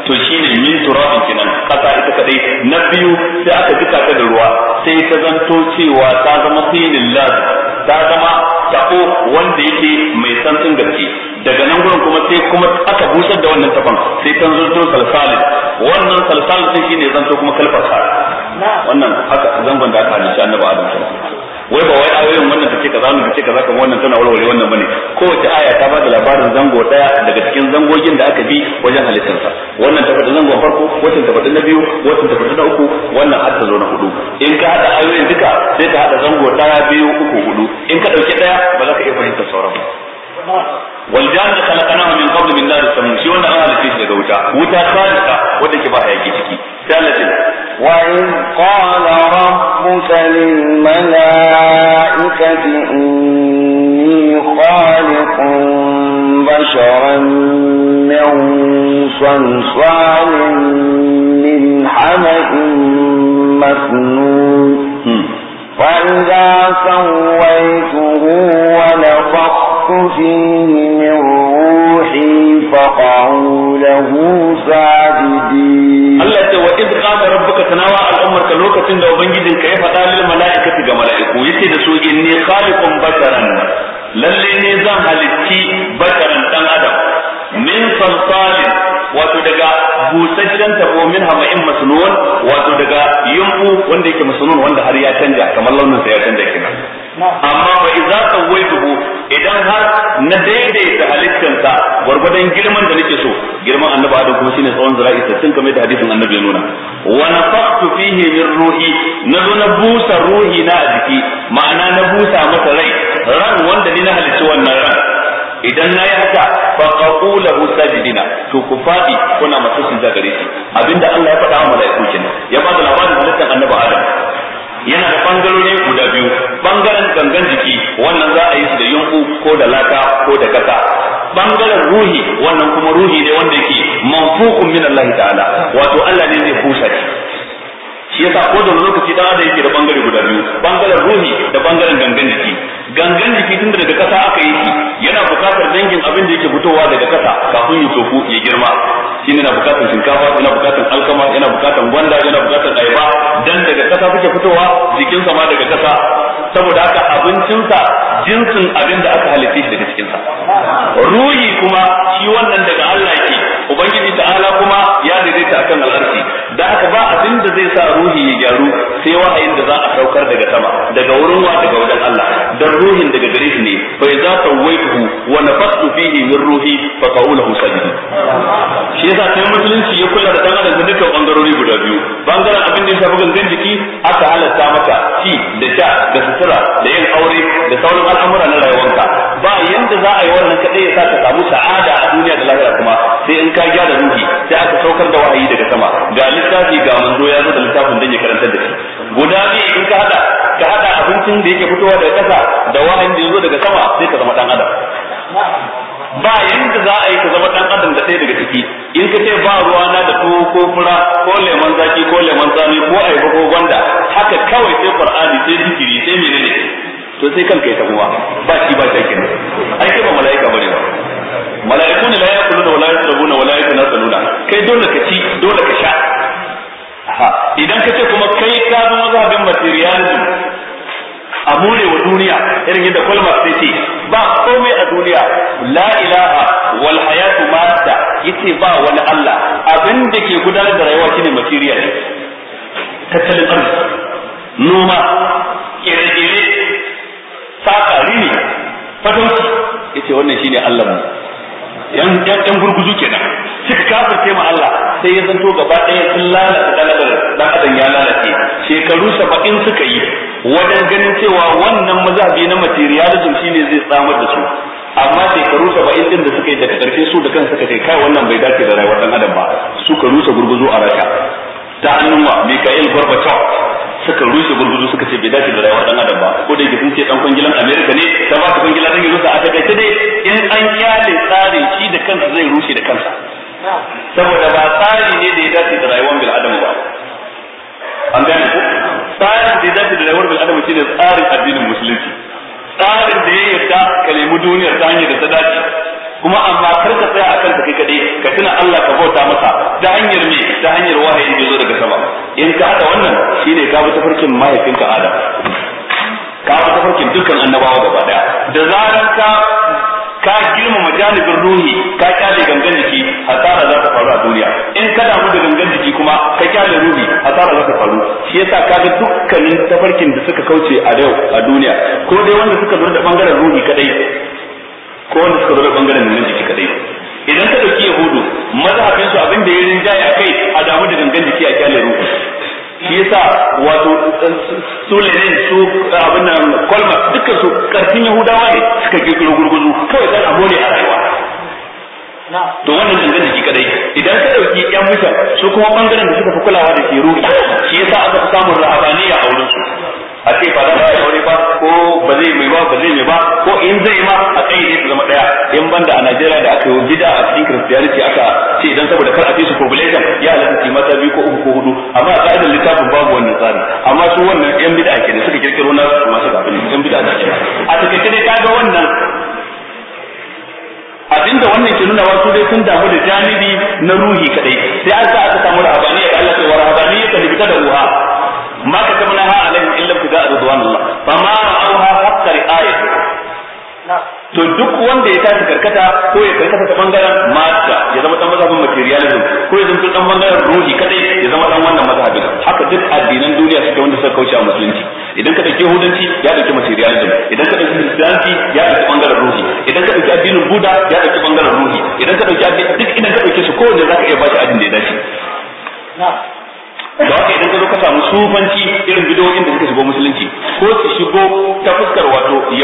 to shine min turabin kinan kasa ita kadai na biyu sai aka jika ta da ruwa sai ta zanto cewa ta zama sinin lad ta zama tako wanda yake mai santsin gaske daga nan gurin kuma sai kuma aka busar da wannan tafan sai ta zanto salsalin wannan salsalin sai shine zanto kuma kalfar wannan haka zangon da aka halitta annabi adam sallallahu wai ba wai ayoyin wannan ta ce kaza wannan ta ce kaza kan wannan tana warware wannan bane kowace aya ta bada labarin zango daya daga cikin zangogin da aka bi wajen halittarsa wannan ta faɗi zangon farko wannan ta faɗi na biyu wannan ta faɗi na uku wannan har ta zo na hudu in ka hada ayoyin duka sai ka hada zango daya biyu uku hudu in ka dauki daya ba za ka iya fahimtar sauran ba wal jan khalaqnahu min qabl min nar samun shi wannan an halitta shi daga wuta wuta salisa wanda ke ba hayaki ciki ثلاثة وإذ قال ربك للملائكة إني خالق بشرا من صلصال من حمأ مسنون فإذا سويته ونفخت فيه من روحي فقعوا له ساجدين Allah ce wa idh qala rabbuka tanawa ka lokacin da ubangijin ka ya faɗa lil mala'ikati ga mala'iku yace da su inni khaliqun basharan lalle ne zan halitti basharan dan adam min salsalin wato daga busasshen tabo min in masnun wato daga yumbu wanda yake masnun wanda har ya canja kamar launin sa ya canja kenan amma fa idza sawaituhu idan har na daidaita halittansa gwargwadon girman da nake so girman annabi adam kuma shine tsawon zira'i 60 kamar da hadisin annabi ya nuna wa nafaqtu fihi min ruhi zo na busa ruhi na a jiki ma'ana na busa masa rai ran wanda ni na halicci wannan ran idan na yi haka fa hu sajidina to ku fadi kuna masu sujada gare shi abinda Allah ya faɗa wa mala'iku kenan ya ba da labarin halittar annabi adam yana da bangarori guda biyu bangaren gangan jiki wannan za a yi su da yunku ko da laka ko da kasa bangaren ruhi wannan kuma ruhi ne wanda yake manfukun min Allah ta'ala wato Allah ne zai kusa shi shi yasa ko da lokaci dan adam yake da bangare guda biyu bangaren ruhi da bangaren gangan jiki gangan jiki tun daga kasa aka yi yana bukatar dangin abin da yake fitowa daga kasa kafin ya soku ya girma shi yana bukatar shinkafa yana bukatar alkama yana bukatar gwanda yana bukatar ayaba dan daga kasa suke fitowa jikinsa ma daga kasa saboda haka abincinsa jinsin abin da aka halitta shi daga sa ruhi kuma shi wannan daga Allah yake ubangiji ta'ala kuma ya daidaita akan al'arfi da haka ba abin da zai sa ruhi ya gyaru sai wahayin da za a saukar daga sama daga wurin wa daga wajen Allah dan ruhin daga gare shi ne fa idza tawaitu wa nafastu fihi min ruhi fa qawluhu sajid shi yasa sai musulunci ya kula da dan da dukkan bangarori guda biyu bangaren abin da ya shafi gangan jiki aka halatta maka ci da sha da sutura da yin aure da sauran al'amura na rayuwarka ba yanda za a yi wannan kadai ya sa ka samu sa'ada a duniya da lahira kuma sai in ka ta gyara ruhi sai aka saukar da wahayi daga sama ga littafi ga manzo ya zo da littafin dan ya karanta da shi guda biyu in ka hada ka hada abincin da yake fitowa daga kasa da wahayin da ya zo daga sama sai ka zama dan adam ba yanda za a yi ka zama dan adam da sai daga ciki in ka ce ba ruwa na da tuwo ko fura ko lemon zaki ko lemon tsami ko ayaba ko gwanda haka kawai sai qur'ani sai zikiri sai menene to sai kanka ya tabuwa ba shi ba shi ne ai ba malaika bane ba mala'ikun la yakuluna wala yasrabuna wala yatanasaluna kai dole ka ci dole ka sha idan ka ce kuma kai ka zo mazhabin materialism a more wa duniya irin yadda kwalmar sai ce ba komai a duniya la ilaha wal hayatu mata yace ba wani Allah abin da ke gudanar da rayuwa shine material tattalin arziki noma kire-kire saka rini fatanci yace wannan ne Allah mu yan yan gurguzu kenan suka ce ma Allah sai ya zanto gaba ɗaya sun lalata dan adam dan adam ya lalace shekaru 70 suka yi wajen ganin cewa wannan mazhabi na materialism shine zai tsamar da su amma shekaru 70 din da suka yi daga karshe su da kansu suka kai wannan bai dace da rayuwar dan adam ba suka rusa gurguzu a raka ta annuma wa Gorbachev suka rushe gurgudu suka ce bai dace da rayuwar dan adam ba ko da yake sun ce dan kungilan America ne ta ba ta kungilan dan rusa a takaice dai in an kyale tsarin shi da kansa zai rushe da kansa saboda ba tsari ne da ya dace da rayuwar bil adam ba an gane ku tsarin da ya dace da rayuwar bil adam ne tsarin addinin musulunci tsarin da ya yarda kalimu duniyar ta hanyar da ta dace kuma amma kar ka tsaya akan ka kai kadai ka tuna Allah ka bauta masa ta hanyar me ta hanyar wahayi da zo daga sama in ka haka wannan shine ka bi tafarkin mahaifinka Adam ka bi tafarkin dukkan annabawa gaba daya da zaran ka ka girmama majalibin ruhi ka kyale gangan jiki hasara za ta faru a duniya in ka damu da gangan jiki kuma ka kyale ruhi hasara za ta faru shi yasa ka ga dukkanin tafarkin da suka kauce a yau a duniya ko dai wanda suka zo da bangaren ruhi kadai ko wanda suka zo da bangaren da jiki kadai idan ka dauki yahudu mazhabin su abin da ya rinjaye akai a damu da gangan jiki a kyale ruhu shi yasa wato su lenin su abin nan kolma dukkan su karfin yahudawa ne suka kirkiro gurguzu kawai dan abone a rayuwa to wannan dangane da shi kadai idan ka dauki yan mutan su kuma bangaren da suka fi kulawa da shiru shi yasa aka fi samun rahabaniya a wurin su a ce ba da a ba ko ba zai mai ba ba zai mai ba ko in zai ma a kai ne zama daya in banda a Najeriya da aka yi bid'a a cikin Christianity aka ce idan saboda kar a ce su population ya halatta su mata biyu ko uku ko hudu amma a ka'idar littafin babu wannan tsari amma su wannan yan bid'a ke da suka kirkiro na masu kafin yan bid'a da ke a take dai kaga wannan abinda wannan ke nuna wasu dai sun damu da janibi na ruhi kadai sai an sa aka samu rahabaniya da Allah ce wa rahabaniya ta libita da ruha ma ka kamna ha alaihim illa da ridwanullah fa ma to duk wanda ya tashi karkata ko ya karkata ta bangaren mata ya zama dan mazhabin materialism ko ya zama dan bangaren ruhi kadai ya zama dan wannan mazhabin haka duk addinan duniya suke wanda suka kauce a musulunci idan ka dauki yahudanci ya dauki materialism idan ka dauki kristanci ya dauki bangaren ruhi idan ka dauki addinin buda ya dauki bangaren ruhi idan ka dauki addinin duk idan ka dauke su kowanne zaka iya bashi addin da ya dace da haka idan ka zo ka samu sufanci irin bidowoyin da suka shigo musulunci ko su shigo ta fuskar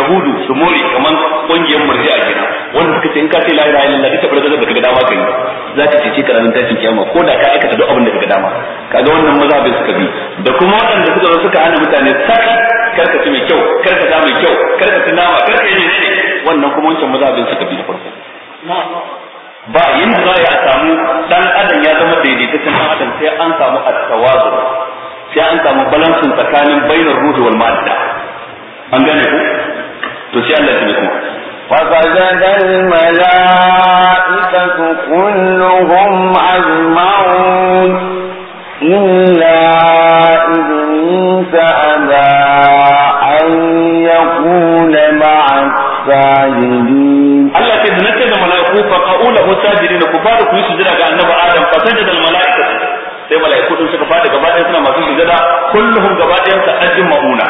yahudu su mori kamar kungiyar murji'a kenan wanda suka ce in ka ce la ilaha illallah duka bar da kaga dama kai za ka cece ka ranar tashin kiyama ko da ka aikata duk abin da kaga dama kaga wannan maza bai suka bi da kuma waɗanda suka zo suka hana mutane saki kar ka ci mai kyau kar ka ta mai kyau kar ka ci nama kar ka yi ne wannan kuma wancan maza bai suka bi da farko ba yin za ya samu dan adam ya zama daidaitaccen dan adam sai an samu at-tawazu sai an samu balansin tsakanin bainar ruhi wal madda an gane ku to sai Allah ya kuma فسجد الملائكة كلهم أجمعون إلا إبليس أبى أن يكون مع الساجدين الله كده نكد ملائكة فقعوا له ساجدين كبارك يسجد على النبي آدم فسجد الملائكة sai mala'iku din suka fada gaba ɗaya suna masu sujada kulluhum gaba ɗayan sa ajma'una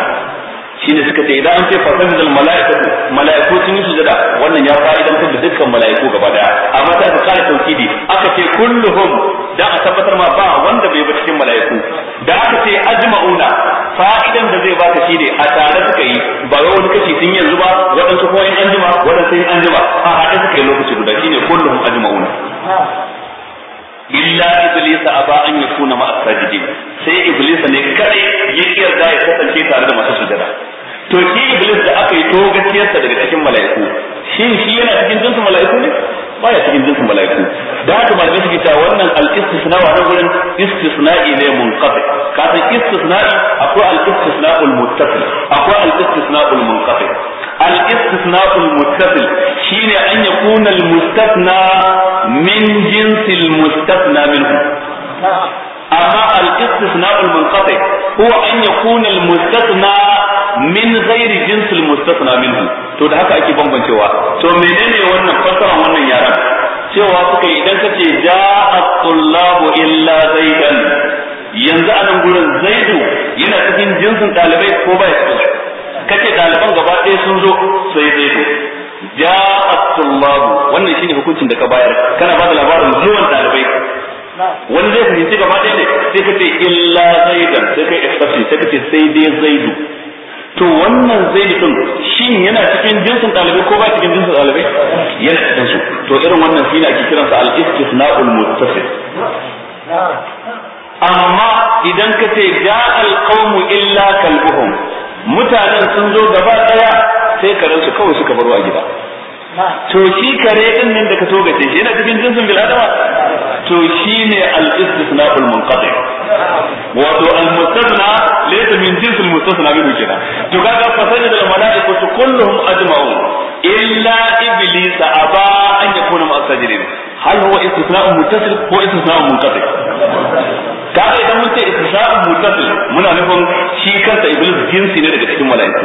shine suka ce idan an ce fasajada al malaikatu malaiku sun yi sujada wannan ya idan da dukkan malaiku gaba daya amma sai aka kare tauhidi aka ce kulluhum da a tabbatar ma ba wanda bai ba cikin malaiku da aka ce ajma'una fa'idan da zai baka shine a tare suka yi ba wai wani kashi sun yanzu ba wadansu ko in an jima wadansu in an a haɗe suka yi lokaci guda shine kulluhum ajma'una illa iblis aba an yakuna ma'a sajidin sai iblis ne kadai ya yarda ya kasance tare da masu sujada to shi iblis da aka yi to gaskiyarsa daga cikin mala'iku shin shi yana cikin jinsin mala'iku ne baya cikin jinsin mala'iku da haka malamai suke cewa wannan al-istisna wa gurin istisna'i ne munqati ka san istisna'i akwai al-istisna'ul muttasil akwai al-istisna'ul munqati al-istisna'ul muttasil shine an yakuna al-mustathna min jinsil mustathna minhu amma al-istisna'ul munqati huwa an yakuna al-mustathna min ghairi jinsil mustasna minhu to da haka ake bambancewa to menene wannan fasara wannan yaran cewa suka idan kace ja'a tullabu illa zaidan yanzu a nan gurin zaidu yana cikin jinsin dalibai ko ba ya kace daliban gaba ɗaya sun zo sai zaidu ja'a tullabu wannan shine hukuncin da ka bayar kana ba da labarin zuwan dalibai wani zai fahimci gaba ɗaya ne sai ka ce illa zaidan sai ka sai ka ce sai dai zaidu to wannan zai din shin yana cikin jinsin dalibai ko ba cikin jinsin dalibai yana cikin su to irin wannan shi ne ake kiransa al-istisna'ul muttasil amma idan ka ce ja al-qawmu illa kalbuhum mutanen sun zo gaba daya sai karen su kawai suka baro a gida to shi kare din nan da ka so gace shi yana cikin jinsin biladama to shi shine al-istisna'ul munqati wato al-mustasna laysa min jinsil mustasna minhu kenan to kaga fasajid al a kulluhum ajma'un illa iblis aba an yakuna ma'asajidin hal huwa istisna'un muttasil ko istisna'un munqati kaga idan mun ce ihsa'un mutasil muna nufin shi kansa iblis jinsi ne daga cikin mala'iku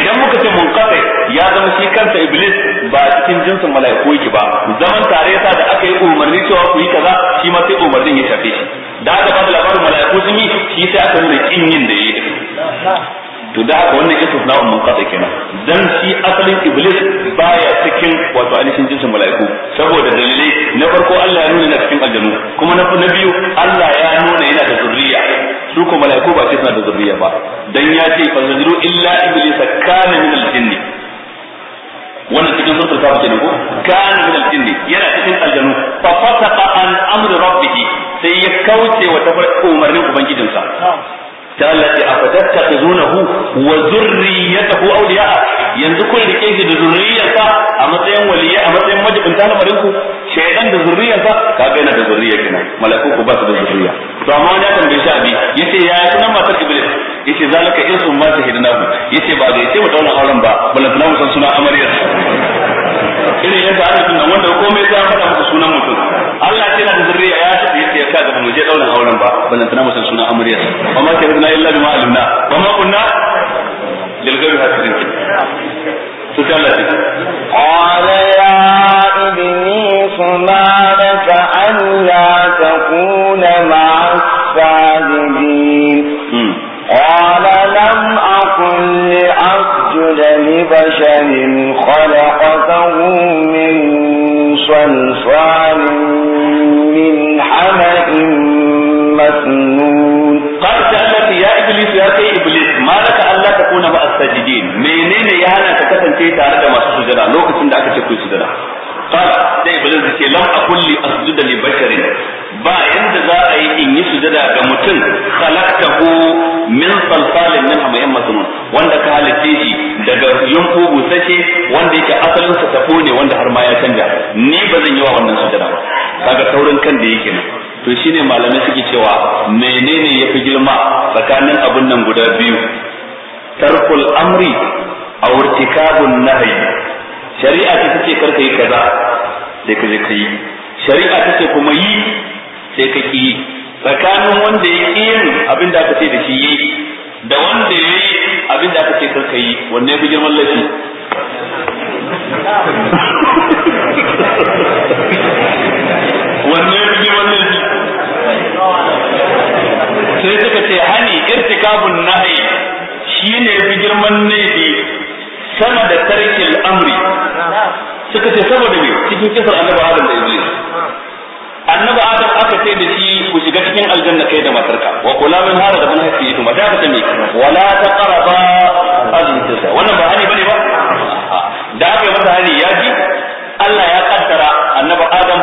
idan muka ce kafe ya zama shi kansa iblis ba cikin jinsin mala'iku yake ba zaman tare sa da aka yi umarni cewa ku yi kaza shi ma sai umarnin ya shafe shi da aka ba da labarin mala'iku sun yi shi sai aka nuna kin yin da yi to da haka wannan istisna'un munqati kenan dan shi asalin iblis baya cikin wato ainihin jinsin mala'iku saboda dalilai na farko Allah ya nuna yana cikin aljanu kuma na na biyu Allah ya nuna yana da zurriya su ko mala'iku ba ce suna da zurriya ba dan ya ce fa zuru illa iblis kana min al-jinni wannan cikin surtul kafir kenan ko kana min al-jinni yana cikin aljanu fa fasaqa an amri rabbih sai ya kauce wa umarnin ubangijinsa ta a fatatta ta zuna hu wa zurriyata hu auliya yanzu kun rike shi da zurriyarsa a matsayin waliyya a matsayin majibin talamarin ku shaidan da zurriyarsa ka ga yana da zurriya kina malaku ku ba su da zurriya to amma wani ya tambaye shi abi yace ya yi sunan matar iblis yace zalika irsun ma ya yace ba da yace mu daura auren ba balantana suna musan suna amaryar irin yadda ana tunan wanda komai sai an faɗa muku sunan mutum Allah ce na da zurriya ya k'a da mu je daurin auren ba ballan tana musan suna amuriyar wa ma kadina illa bima alimna wa ma kunna lil ghairi hasidin to sai Allah ya qala ya iblis ma laka an la takuna ma'a sajidin hmm. qala lam aqul li asjud li basharin khalaqatahu min صلصال masnun qala ta'ala ya iblis ya kai iblis ma laka alla takuna ma as-sajidin menene ya hana ka kasance tare da masu sujada lokacin da aka ce ku sujada ta sai iblis ce lam aqul li asjuda li basharin ba yanda za a yi in yi sujada ga mutum khalaqtahu min salsalin min hamayin masnun wanda ka halice shi daga yanko busace wanda yake asalin sa tafo ne wanda har ma ya canja ni ba zan yi wa wannan sujada ba kaga taurin kan da ya yake nan to shine malamai suke cewa menene yafi girma tsakanin abin nan guda biyu tarkul amri aw irtikabun nahyi shari'a ta ce karka yi kaza sai ka je ka yi shari'a ta ce kuma yi sai ka ki yi tsakanin wanda ya ki yin abin da aka ce da shi yi da wanda ya yi abin da aka ce karka yi wanne yafi girman laifi wanne sai suka ce hani irtikabun nahi shine fi girman laifi sama da tarkil amri suka ce saboda me cikin kisar annabi Adam da Iblis annabi Adam aka ce da shi ku shiga cikin aljanna kai da matarka wa kula min hada da bana fi kuma da ta me wala taqraba al-jisa wannan ba hani bane ba da aka yi masa hani ya ji Allah ya kaddara annabi Adam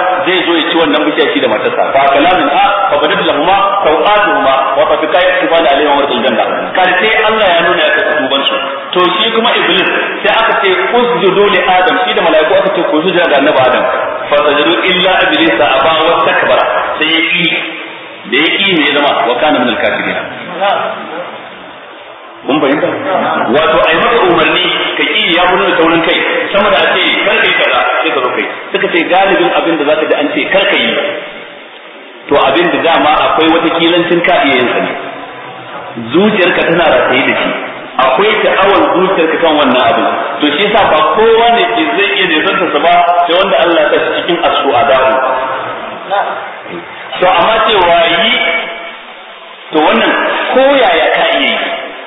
ci wannan bishiya shi da matarsa fa kalamin a fa badat lahuma sawatuhuma wa fa tukai tubal alaihim wa Allah ya nuna ya tuban su to shi kuma iblis sai aka ce usjudu li adam shi da malaiku aka ce ku sujuda ga annabi adam fa sajadu illa aba wa takbara sai ya yi da ya ne zama wa kana min al-kafirin kun wato ai maka umarni ka ki ya gudu da taurin kai sama da ake sai ka zo suka ce galibin abin da zaka ji an ce kar ka yi to abin da dama akwai wata kilancin ka iya yin sa ne zuciyarka tana rataye da shi akwai ta'awar zuciyarka kan wannan abin to shi yasa ba kowa ne ke zai iya nisanta sa ba sai wanda Allah ya sa cikin asu adamu to amma cewa yi to wannan ko yaya ka iya yi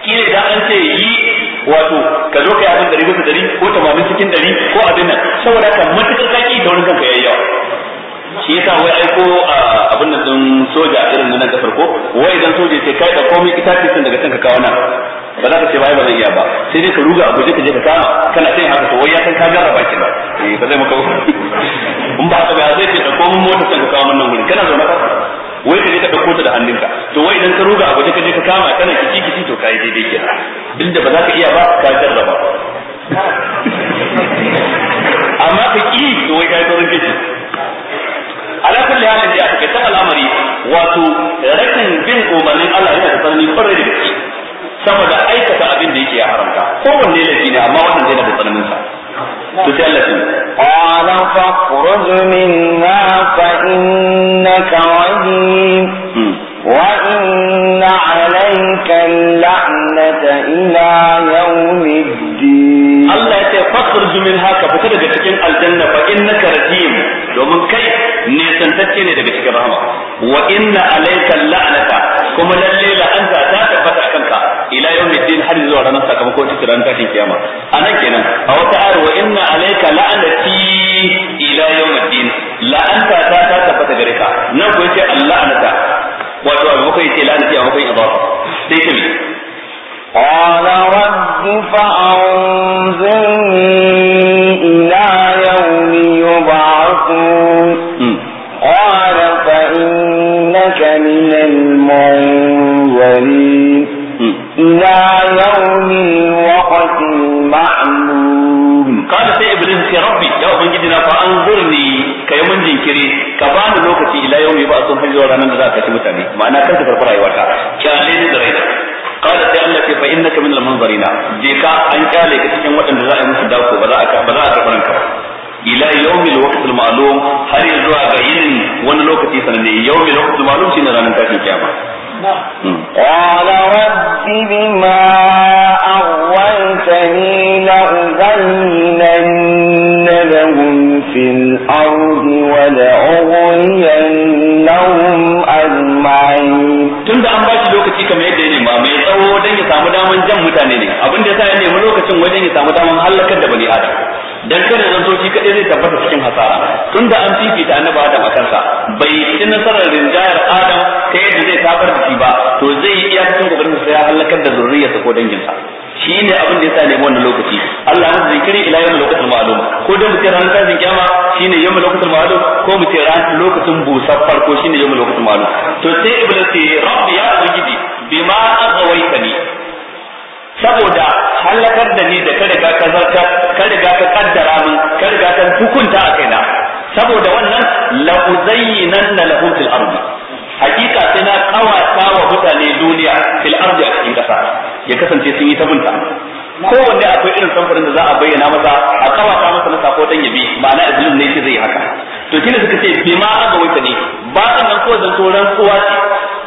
kila da an ce yi wato ka zo kai abin dari bisa dari ko tamamin cikin dari ko abin nan saboda ka matuƙar kaki da wani kanka yayi yawa shi yasa wai aiko abin nan din soja irin nan ta farko wai idan soja sai kai da komai itace sun daga kanka kawo nan ba za ka ce bai ba zan iya ba sai dai ka ruga a guje ka je ka kama kana sai haka to wai ya san ka gara baki ba eh ba zai maka in ba ka ba zai ce da komai motar kanka kawo nan gurin kana zaune ka wai ka je ka dauko ta da hannunka to wai idan ka ruga abu ka je ka kama kana kici kici to kai daidai kenan din da ba za ka iya ba ka jarraba amma ka ki to wai kai tsoron kici ala kulli halin da aka ta al'amari wato rakin bin umarnin Allah yana da tsanani kwarai da gaske saboda aikata abin da yake ya haramta kowanne laifi ne amma wannan zai da tsananin sa تجلسي قال فاخرج منا فإنك رجيم وإن عليك اللعنة إلى يوم الدين الله فاخرج منها كفتر جتكين الجنة فإنك رجيم domin kai ne santacce ne daga cikin rahama wa inna alayka la'nata kuma lalle la'anta ta tabbata kanka ila yawmi har zuwa ranar sakamakon cikin ran tashin kiyama anan kenan a wata ayar wa inna alayka la'anati ila yawmiddin la'anta ta ta tabbata gare ka nan ko yace Allah anata wato abu kai yace la'anati abu kai idafa sai ta mi قال رب فأنظرني إلى يوم يبعثون قال فإنك من ubangiji na fa an zurni ka yi mun jinkiri ka bani lokaci ila yau mai ba a son har zuwa ranar da za ka ci mutane ma'ana kan ka karɓi rayuwarka kyale ni da raina qala sai Allah ce fa innaka min al-munzarina je ka an kyale ka cikin waɗanda za a yi musu dako ba za a ba za a karɓi ranka ba ila yawmil waqt al-ma'lum har zuwa ga yinin wani lokaci sananne yawmil waqt al-ma'lum shine ranar tashin kiyama قال رب بما أغويتني لأغينن لهم في الأرض ولأغوينهم أجمعين an bashi lokaci kamar yadda ya nema mai tsawo don ya samu daman jan mutane ne abin da ya sa ya nemi lokacin wajen ya samu daman hallakar da bani adam dan kada zan so shi zai tabbata cikin hasara Tunda an fifita annabi adam a kansa bai ci nasarar rinjayar adam ta yadda zai tabar da shi ba to zai iya cikin gobarin sa ya halakar da zurriyarsa ko danginsa shi ne abin da ya sa nemi wannan lokaci Allah ya zikiri ila yawm lokacin ma'lum ko da mutum ran tashin kiyama shine yawm lokacin ma'lum ko mutum ran lokacin busar farko shine yawm lokacin ma'lum to sai iblis ya rabbi ya ubangiji bima azawaitani saboda halakar da ni da ka ka zarta ka ka kaddara min ka san ka hukunta a kaina saboda wannan la uzayyinanna lahum fil ardi hakika sai na kawata wa mutane duniya fil ardi a cikin kasa ya kasance sun yi ta bunta kowanne akwai irin samfurin da za a bayyana masa a kawata masa na sako dan yabi ma'ana izinin ne shi zai haka to shine suka ce bi ma aka ta ne ba kan nan kowa zan toran kowa ce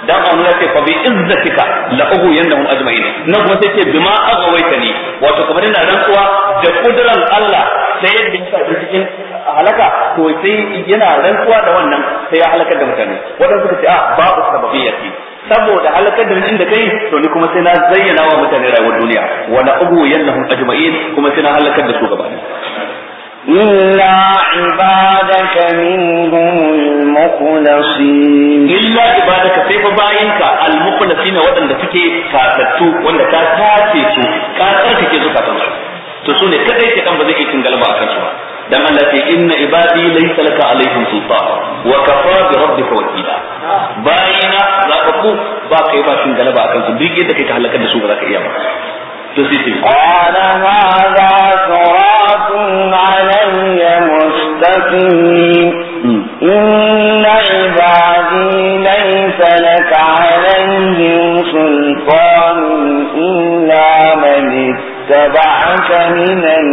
dan a wani ce fa bi izzatika la uhu yanahum ajma'in nan kuma sai ce bi ma aka ta ne wato kamar ina rantsuwa da kuduran Allah sai yadda ya sa cikin halaka to sai yana rantsuwa da wannan sai ya halakar da mutane wadanda suka ce a ah, babu sababiyya saboda halakar da da kai to ni kuma sai na zayyana wa mutane rayuwar duniya wa la ubu yannahum ajma'in kuma sai na halakar da su gaba illa ibadaka minhum almukhlasin illa ibadaka sai fa bayinka almukhlasin wadanda suke fatattu wanda ka tace su ka tsarkake zuka su, to sune kadai ke dan ba zai yi kin galba a su ba dan Allah ce inna ibadi laysa laka alaihim sultan wa kafa bi rabbika wakila bayina zakabu ba kai ba shin galaba akan su duk yadda kai ka halaka da su ba za ka iya ba to sai sai qala hadha suratun alayya mustaqim inna ibadi laysa laka alaihim sultan illa man ittaba'aka min al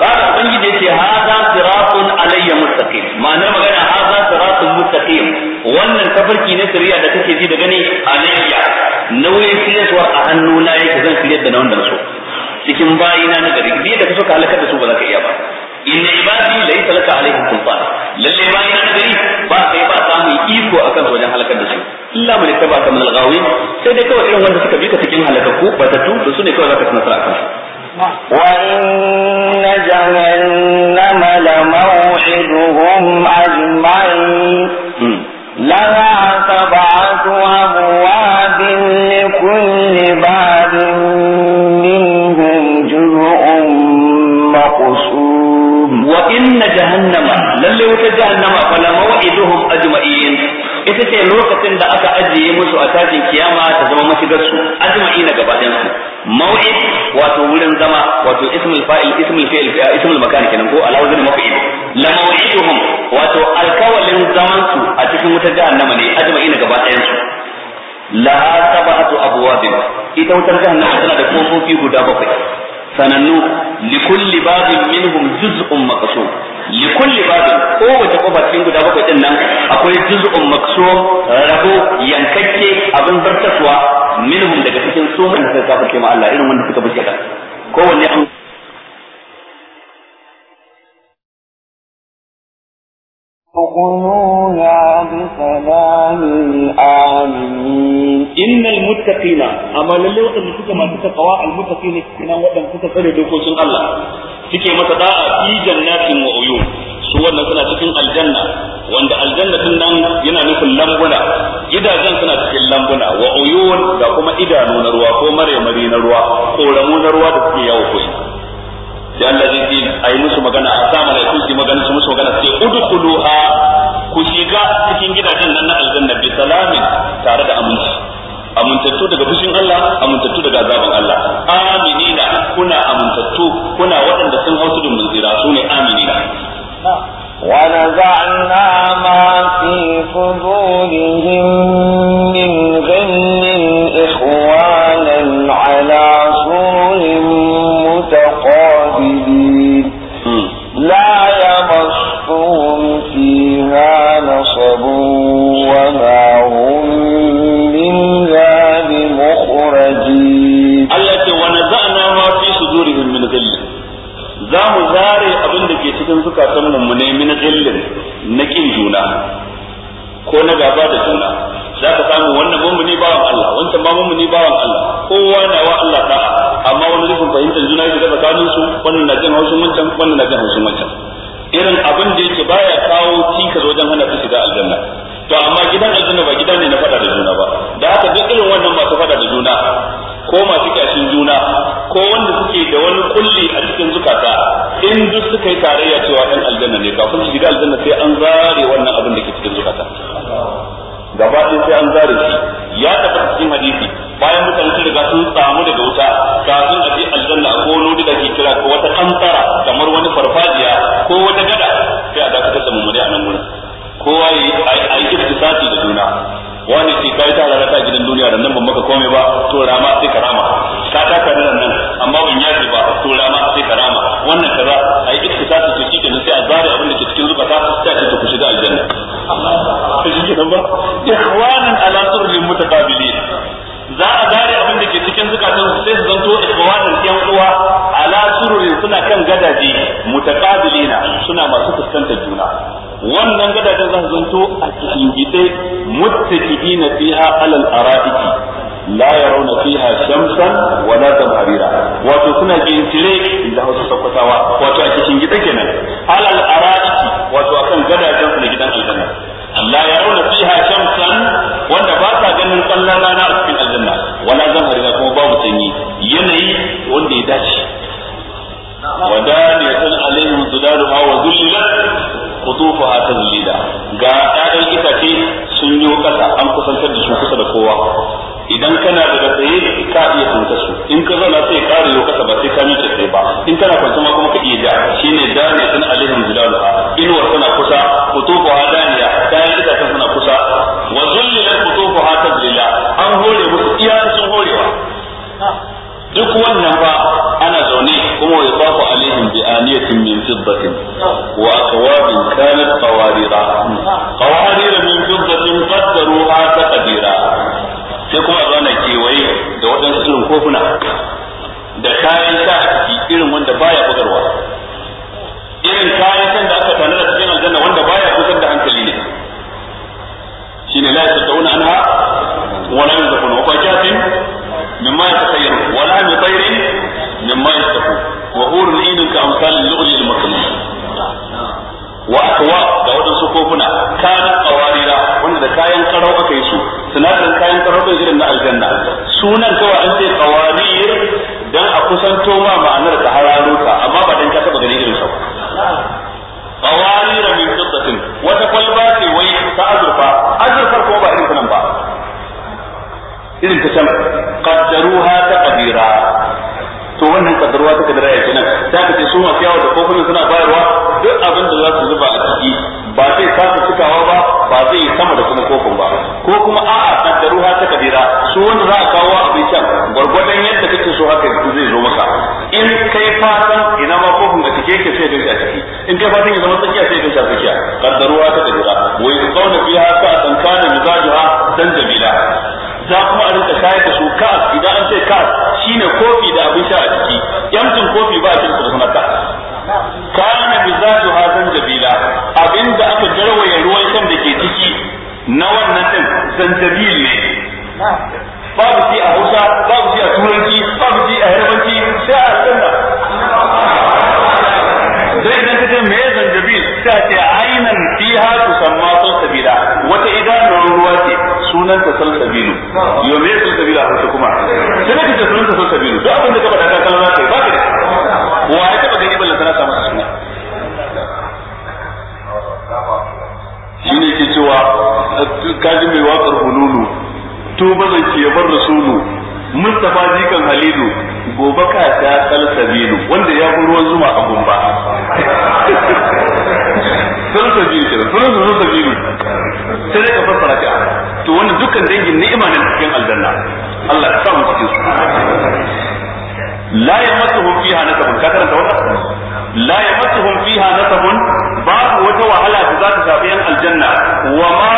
قال a yace hadha siratun alayya mustaqim ma'ana magana hadha siratun mustaqim wannan tafarki ne sirriya da kake ji da gani alayya nauyin shiryarwa a hannuna yake zan shiryar da na wanda so cikin bayina na gari biye da kaso ka halakar da su ba za ka iya ba inna ibadi laysa laka alaihim sultan lalle bayina na gari ba kai ba samun iko akan wajen halakar da su illa mun taba ka min al sai dai kawai irin wanda suka bi ka cikin halakakku ba ta tu to sune kawai za ka nasara akan وإن جهنم لموعدهم أجمعين لها سبعة أبواب ita ce lokacin da aka ajiye musu a tashin kiyama ta zama mashigar su na gaba ɗayan su maw'id wato wurin zama wato ismul fa'il ismul fi'il ismul makan kenan ko alawzin maf'il la maw'iduhum wato alkawalin zaman su a cikin wutar jahannama ne ajma'ina gaba ɗayan su la sab'atu abwabin ita wutar jahannama tana da kofofi guda bakwai sanannu likulli babin minhum juz'un maqsum likulli babin kowace kofa cikin guda bakwai din nan akwai juz'un maksur rabo yankakke abin zartaswa minhum daga cikin su da suka kafirce ma Allah irin wanda suka bi shaitan kowanne an إن المتقين أما لله وقت ما تتقوى المتقين كنا وقت المتقين دوكوش الله تكي متداء في جنات wannan suna cikin aljanna wanda aljannatin nan yana nufin lambuna gidajen suna cikin lambuna wa uyun da kuma idanu na ruwa ko mare na ruwa ramu na ruwa da suke yawo koyi da Allah zai yi ai musu magana a sa da su magana su musu magana sai udkhuluha ku shiga cikin gidajen nan na aljanna bi salamin tare da aminci amintattu daga fushin Allah amintattu daga azabin Allah aminina kuna amintattu kuna waɗanda sun hausu da munzira sune aminina ونزعنا ما في صدورهم cikin zukatan mummune min ghillin na kin juna ko na gaba da juna za ka samu wannan mummuni bawan Allah wancan ba mummuni bawan Allah kowa na wa Allah ta amma wani rufin fahimtar juna yake da tsakanin su wannan na jin haushin wancan wannan na jin haushin wancan irin abin da yake baya kawo cikas wajen hana su shiga aljanna to amma gidan aljanna ba gidan ne na fada da juna ba da haka duk irin wannan su fada da juna ko masu kyashin juna ko wanda suke da wani kulli a cikin zukata in duk suka yi tarayya cewa ɗan aljanna ne kafin su shiga aljanna sai an zare wannan abin da ke cikin zukata gaba ɗaya sai an zare shi ya tafi cikin hadisi bayan mutane sun riga sun samu daga wuta kafin a je aljanna ko wani da ke kira ko wata kantara kamar wani farfajiya ko wata gada sai a dakatar da mummuni a nan gurin kowa ya yi iktisati da juna wani ce kai ta rana ta gidan duniya da nan ban maka komai ba to rama sai karama ka ta ka nan nan amma ban yaji ba to rama sai karama wannan kaza ai iktisasi to shike sai a zare abin da ke cikin zukata sai a ce ku shiga aljanna Allah ya kenan ba ihwanan ala surrin mutaqabilin za a zare abin da ke cikin zukatan sai su zanto ihwanan yan uwa ala sururi suna kan gadaje mutaqabilina suna masu fuskantar juna wannan gadajen za su zanto a cikin gide na fiha alal ara'iki la yarawna fiha shamsan wala zamharira wato suna gintire inda hausa sakwatawa wato a cikin gida kenan alal ara'iki wato akan gadajen su da gidan aljanna la yarawna fiha shamsan wanda ba sa ganin kallon rana a cikin aljanna wala zamharira kuma babu sanyi yanayi wanda ya dace wadaniyatan alaihim zudaruha wa dhullilat qutufuha tazlila ga ƴaƴan itace sun yi ان an kusantar da su kusa da kowa idan kana da tsaye ka iya tunta su in ka zauna sai ƙara yau kasa ba sai ka miƙe tsaye ba in kana kwanta ma kuma ka iya ja shine daniyatan alaihim zudaruha inuwar tana kusa qutufuha daniya ƴaƴan itacen suna kusa wa dhullilat qutufuha tazlila an hore musu iya sun horewa duk wannan ba آنية من فضة وأكواب كانت قواريرا قوارير من فضة قدروها تقديرا sai kuma a zana kewaye da waɗansu da kayan sa a ciki irin wanda baya bugarwa irin kayan san da aka da cikin aljanna wanda baya kusan da hankali ne shine la anha ka amsalin lu'lil makamai wa akwa da wadansu kofuna kana qawarira wanda da kayan karau aka yi su sinadarin kayan karau da irin na aljanna sunan kawai an ce qawarir dan a kusanto ma ma'anar ka hara amma ba dan ka taba gani irin sa qawarira min fiddatin wata kwalba ce wai ta azurfa azurfar kuma ba irin sunan ba irin ta can qaddaruha taqdira to wannan kadarwa ta kadara ya kenan ka ce su masu yawo da kofunan suna bayarwa duk abin da za su zuba a ciki ba zai kasa cikawa ba ba zai yi sama da kuma kofin ba ko kuma a'a kaddaruha ta kadira su wanda za a kawo abin can gwargwadon yadda kake so haka zai zo maka in kai fatan ina ma kofin a cike yake sai ya a ciki in kai fatan ya zama tsakiya sai ya a tsakiya kaddaruha ta kadira wa yusawna a sa'atan kana mizajuha dan jamila za kuma a rinka shayar da su ka'as idan an ce ka'as shine kofi da abin sha a ciki yamcin kofi ba a cikin su kuma ka'as kana mizaju hazan jabila abinda aka jarwaye ruwan shan da ke ciki na wannan din zanjabil ne babu shi a Hausa babu shi a Turanci babu shi a Yarbanci sai a Sunna dai idan kace me zanjabil sai a ce sunan ta salsabilu yo me salsabilu a ta kuma sai ka ce sunan ta salsabilu da abin da ka bada ka kalma kai ba ka wa ya taɓa ba ballan sana samu suna shi ne ke cewa kaji mai watsar hululu tuba zan ke yabar rasulu mustafa jikan halilu gobe ka ta salsabilu wanda ya fi ruwan zuma a gumba sunan sabiru ke sunan sunan sabiru sai dai ka fassara shi to wannan dukkan dangin ni'ima ne cikin aljanna Allah ya sa mu cikin su la yamassuhum fiha nasabun ka karanta wannan la yamassuhum fiha nasabun babu wata wahala da za ta shafi yan aljanna wa ma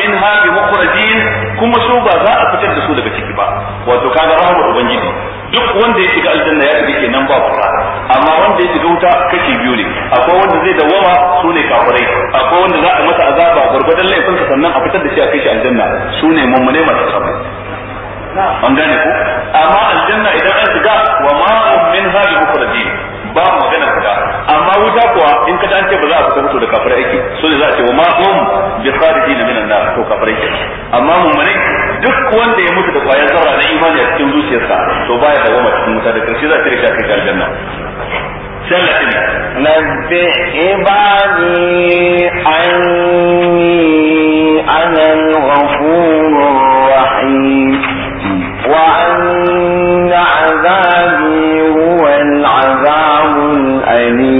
minha bi mukhrajin kuma su ba za a fitar da su daga ciki ba wato kaga rahmar ubangiji duk wanda ya shiga aljanna ya shiga kenan ba fara amma wanda ya shiga wuta kashi biyu ne akwai wanda zai dawama su ne kafirai akwai wanda za a masa azaba gurgurdan laifin sa sannan a fitar da shi a kai shi aljanna su ne mummune masu sabai an gane ku amma aljanna idan an shiga wa ma'a min hali mukhrajin ba magana da amma wuta kuwa in ka dace ba za a fita mutu da kafirai ake so da za a ce wa ma bi bi na minan nar to kafirai ke amma mun mummune duk wanda ya mutu da kwayar zarra na imani a cikin zuciyarsa to baya da goma cikin wuta da karshe za a tare shi a kai aljanna نبئ عبادي عني أنا الغفور الرحيم وأن عذابي هو العذاب الأليم